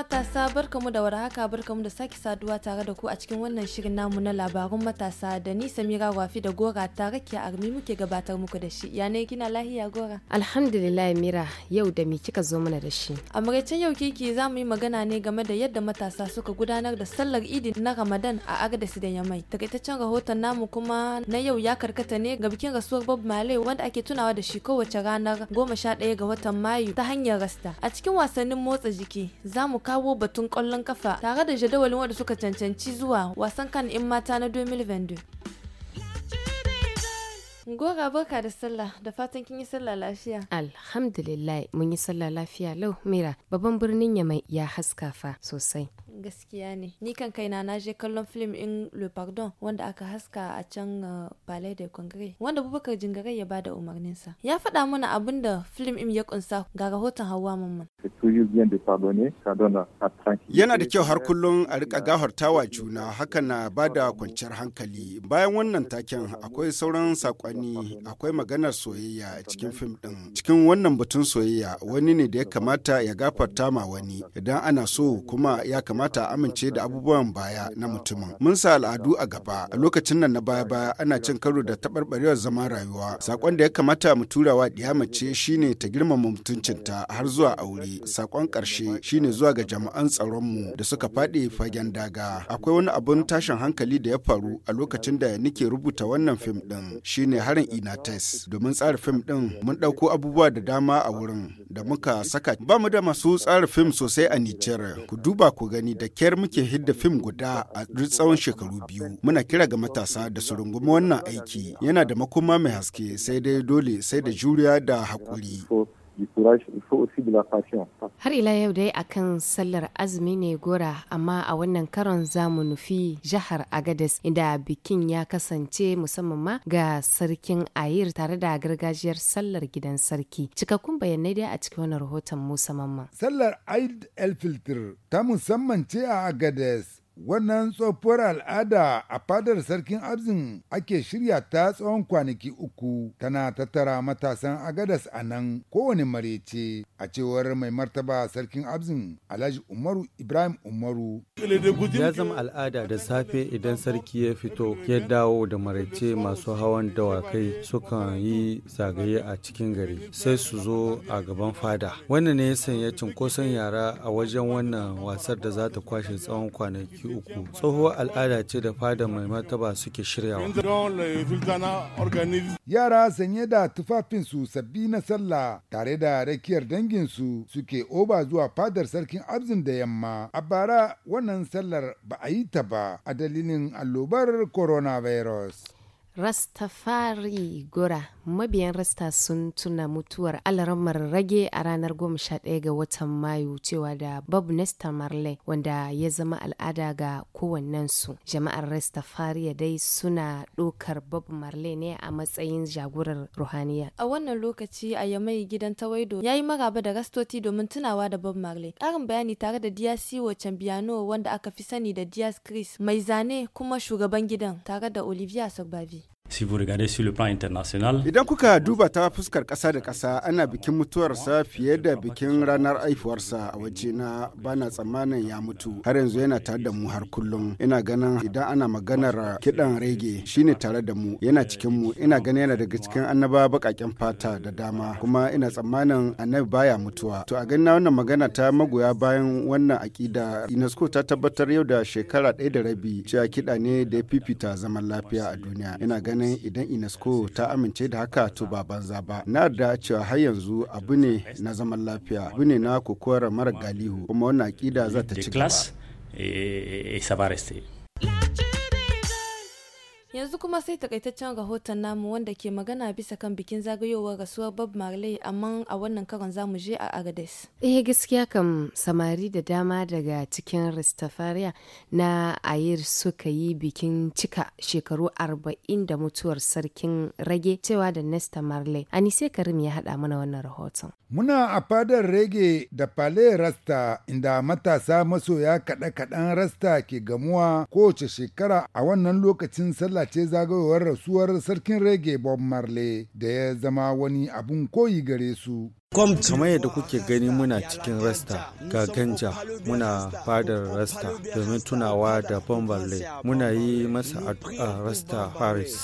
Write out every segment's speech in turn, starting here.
matasa barkamu da warhaka barkamu da sake saduwa tare da ku a cikin wannan shirin namu na labarun matasa da ni Samira Wafi da Gora tare a armi muke gabatar muku da shi. Ya ne kina lahiya Gora? Alhamdulillah Mira yau da me kika zo mana da shi? A maraicen yau kiki za mu yi magana ne game da yadda matasa suka gudanar da sallar Idi na Ramadan a Agadez da Yamai. Takaitaccen rahoton namu kuma na yau ya karkata ne ga bikin rasuwar Bob Marley wanda ake tunawa da shi kowace ranar goma sha ɗaya ga watan Mayu ta hanyar rasta. A cikin wasannin motsa jiki za mu kawo batun kwallon kafa tare da jadawalin wanda suka cancanci zuwa wasan kan in mata na 2022. Gora barka da sallah da fatan kin yi sallah lafiya. Alhamdulillah mun yi sallah lafiya lau Mira babban birnin Yamai ya haskafa sosai. gaskiya ne ni kan kai na je kallon film in le pardon wanda aka haska a can uh, palais de congrès wanda bubakar jingare ya bada sa. ya faɗa mana abin da film in ya kunsa ga rahoton hawa mamman yana da kyau har kullum a rika gafartawa juna haka na bada kwanciyar hankali bayan wannan taken akwai sauran sakonni akwai maganar soyayya cikin fim din cikin wannan batun soyayya wani ne da ya kamata ya gafarta ma wani idan ana so kuma ya kamata ta amince da abubuwan baya na mutumin. Mun sa al'adu a gaba a lokacin nan na baya-baya ana cin karo da taɓarɓarewar zaman rayuwa. Sakon da ya kamata mu tura wa ɗiyamace mace shine ta girmama mutuncinta har zuwa aure. Sakon ƙarshe shine zuwa ga jami'an tsaronmu da suka faɗi fagen daga. Akwai wani abun tashin hankali da ya faru a lokacin da nake rubuta wannan fim ɗin shine harin Inates. Domin tsara fim ɗin mun ɗauko abubuwa da dama a wurin da muka saka. Ba mu da masu tsara fim sosai a Nijar. Ku duba ku gani da kyar muke hidda fim guda a duk tsawon shekaru biyu. Muna kira ga matasa da su rungumi wannan aiki. Yana da makoma mai haske sai dai dole sai da juriya da haƙuri. har ila yau dai akan sallar azumi ne gora amma a wannan karon zamu nufi jihar Agadez inda bikin ya kasance musamman ma ga sarkin Ayir tare da gargajiyar sallar gidan sarki cikakkun bayanai dai a cikin wannan rahoton Musa Mamman sallar Eid el-Fitr ta musamman ce a Agadez Wannan tsohuwar al'ada a fadar sarkin arzin ake shirya ta tsawon kwanaki uku tana tattara matasan agadas a nan kowane marece a cewar mai martaba sarkin abzin Alhaji Umaru Ibrahim Umaru. Ya zama al'ada da safe idan sarki ya fito ya dawo da marece masu hawan dawakai sukan yi zagaye a cikin gari sai su zo a gaban fada. Wannan ne ya sanya cinkoson yara a wajen wannan wasar da za ta kwashe tsawon kwanaki uku tsohuwar al'ada ce da fada mai martaba suke shiryawa yara sanye da tufafin su sabbi na sallah tare da rakiyar danginsu suke oba zuwa fadar sarkin abzin da yamma a bara wannan sallar ba a yi ta ba a dalilin allobar coronavirus Rastafari Gora mabiyan Rasta sun tuna mutuwar alarammar rage a ranar 11 ga watan Mayu cewa da Bob Nesta Marley wanda ya zama al'ada ga su, jama'ar rastafariya dai suna ɗaukar bob marley ne a matsayin jagorar ruhaniya a wannan lokaci a yamai gidan tawaido ya yi maraba da rastoti domin tunawa da bob marley Karin bayani tare da diaz siwo Chambiano wanda aka fi sani da diaz chris mai zane kuma shugaban gidan tare da olivia sogbavi si vous regardez sur le plan international. Idan kuka duba ta fuskar ƙasa da kasa ana bikin mutuwarsa fiye da bikin ranar haifuwarsa a waje na bana tsammanin ya mutu har yanzu yana tare da mu har kullum ina ganin idan ana maganar kiɗan rege shine tare da mu yana cikin mu ina ganin yana daga cikin annaba baƙaƙen fata da dama kuma ina tsammanin annabi baya mutuwa to a ganin wannan magana ta magoya bayan wannan aƙida UNESCO ta tabbatar yau da shekara ɗaya da rabi cewa kiɗa ne da ya fifita zaman lafiya a duniya ina ganin ganin idan unesco ta amince da haka to ba banza ba na da cewa har yanzu abu ne na zaman lafiya abu ne na kokowar mara galihu kuma wannan akida za ta ci gaba Yanzu kuma sai takaitaccen rahoton namu wanda ke magana bisa kan bikin zagayowar rasuwar Bob Marley amma a wannan karon zamu je a Agades. Eh gaskiya kam samari da dama daga cikin Rastafariya na Ayir suka yi bikin cika shekaru arba'in da mutuwar sarkin rage cewa da Nesta Marley. Anise Karim ya haɗa mana wannan rahoton. Muna a fadar rege da fale rasta inda matasa masoya kaɗe-kaɗen rasta ke gamuwa kowace shekara a wannan lokacin sallace zagayowar rasuwar sarkin rege Bob Marley da ya zama wani abun koyi gare su. kamar yadda kuke gani muna cikin rasta ga ganja muna fadar rasta domin tunawa da bamballe muna yi masa addu'a rasta paris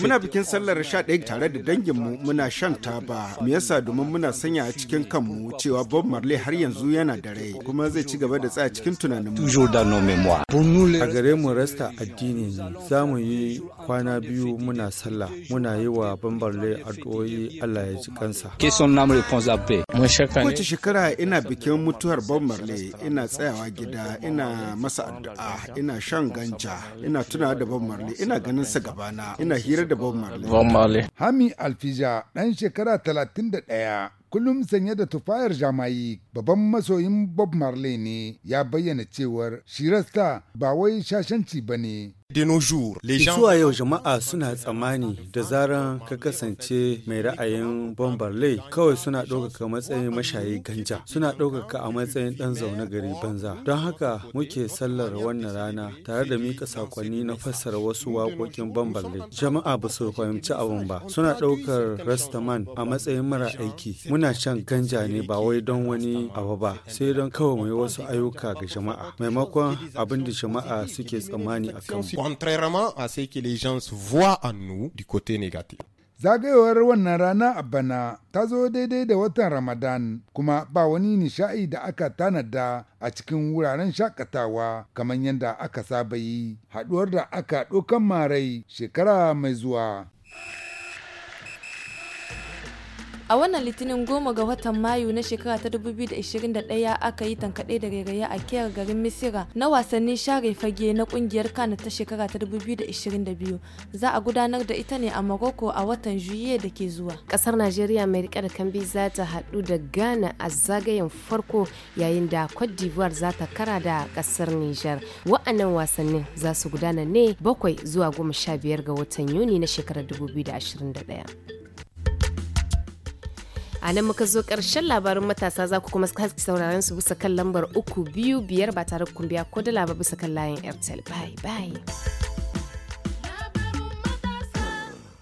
muna bikin sallar 11 tare da danginmu muna shan taba me yasa domin muna sanya a cikin kanmu cewa bob marley har yanzu yana da rai kuma zai ci gaba da tsaya cikin tunaninmu a gare mu rasta addini ne za mu yi kwana biyu muna sallah muna yi wa bamballe addu'o'i allah ya ci kansa. Kowace shekara ina bikin mutuwar Bob Marley ina tsayawa gida ina masa addu'a ina shan ganja ina tuna da Bob Marley ina ganin sa gabana ina hira da Bob Marley. Hami Alfija dan shekara 31 kullum sanye da tufayar jama'i babban masoyin Bob Marley ne ya bayyana cewar shirasta ba wai shashanci ba ne de nos jours les gens zuwa yau jama'a suna tsammani da zaran ka kasance mai ra'ayin bombarle kawai suna ɗaukaka matsayin mashayi ganja suna ɗaukaka a matsayin ɗan zaune gari banza don haka muke sallar wannan rana tare da mika sakonni na fassara wasu waƙoƙin bombarle jama'a ba su fahimci abin ba suna ɗaukar rastaman a matsayin mara aiki muna shan ganja ne ba wai don wani abu ba sai don kawai mai wasu ayyuka ga jama'a maimakon abin da jama'a suke tsammani a kan contrairement à ce que les gens voient en nous du côté négatif. Zagayowar wannan rana a bana ta zo daidai da watan Ramadan kuma ba wani nishaɗi da aka tanada a cikin wuraren shakatawa kamar yadda aka saba yi haɗuwar da aka ɗaukan marai shekara mai zuwa. A wannan Litinin goma ga watan Mayu na shekara ta 2021 aka yi tankaɗe da rairaye a kiyar garin Misira na wasannin share fage na ƙungiyar Kano ta shekara ta 2022. Za a gudanar da ita ne a Morocco a watan Juye da ke zuwa. ƙasar Najeriya mai riƙe da kambi za ta haɗu da Ghana a zagayen farko yayin da Cote d'Ivoire za ta kara da ƙasar Nijar. Wa'annan wasannin za su gudana ne bakwai zuwa goma sha biyar ga watan Yuni na shekarar 2021. a nan muka zo ƙarshen labarin matasa za ku kuma haske sauraron su bisa kan lambar uku biyu biyar ba tare kun biya ko dala ba bisa kan layin airtel bye bye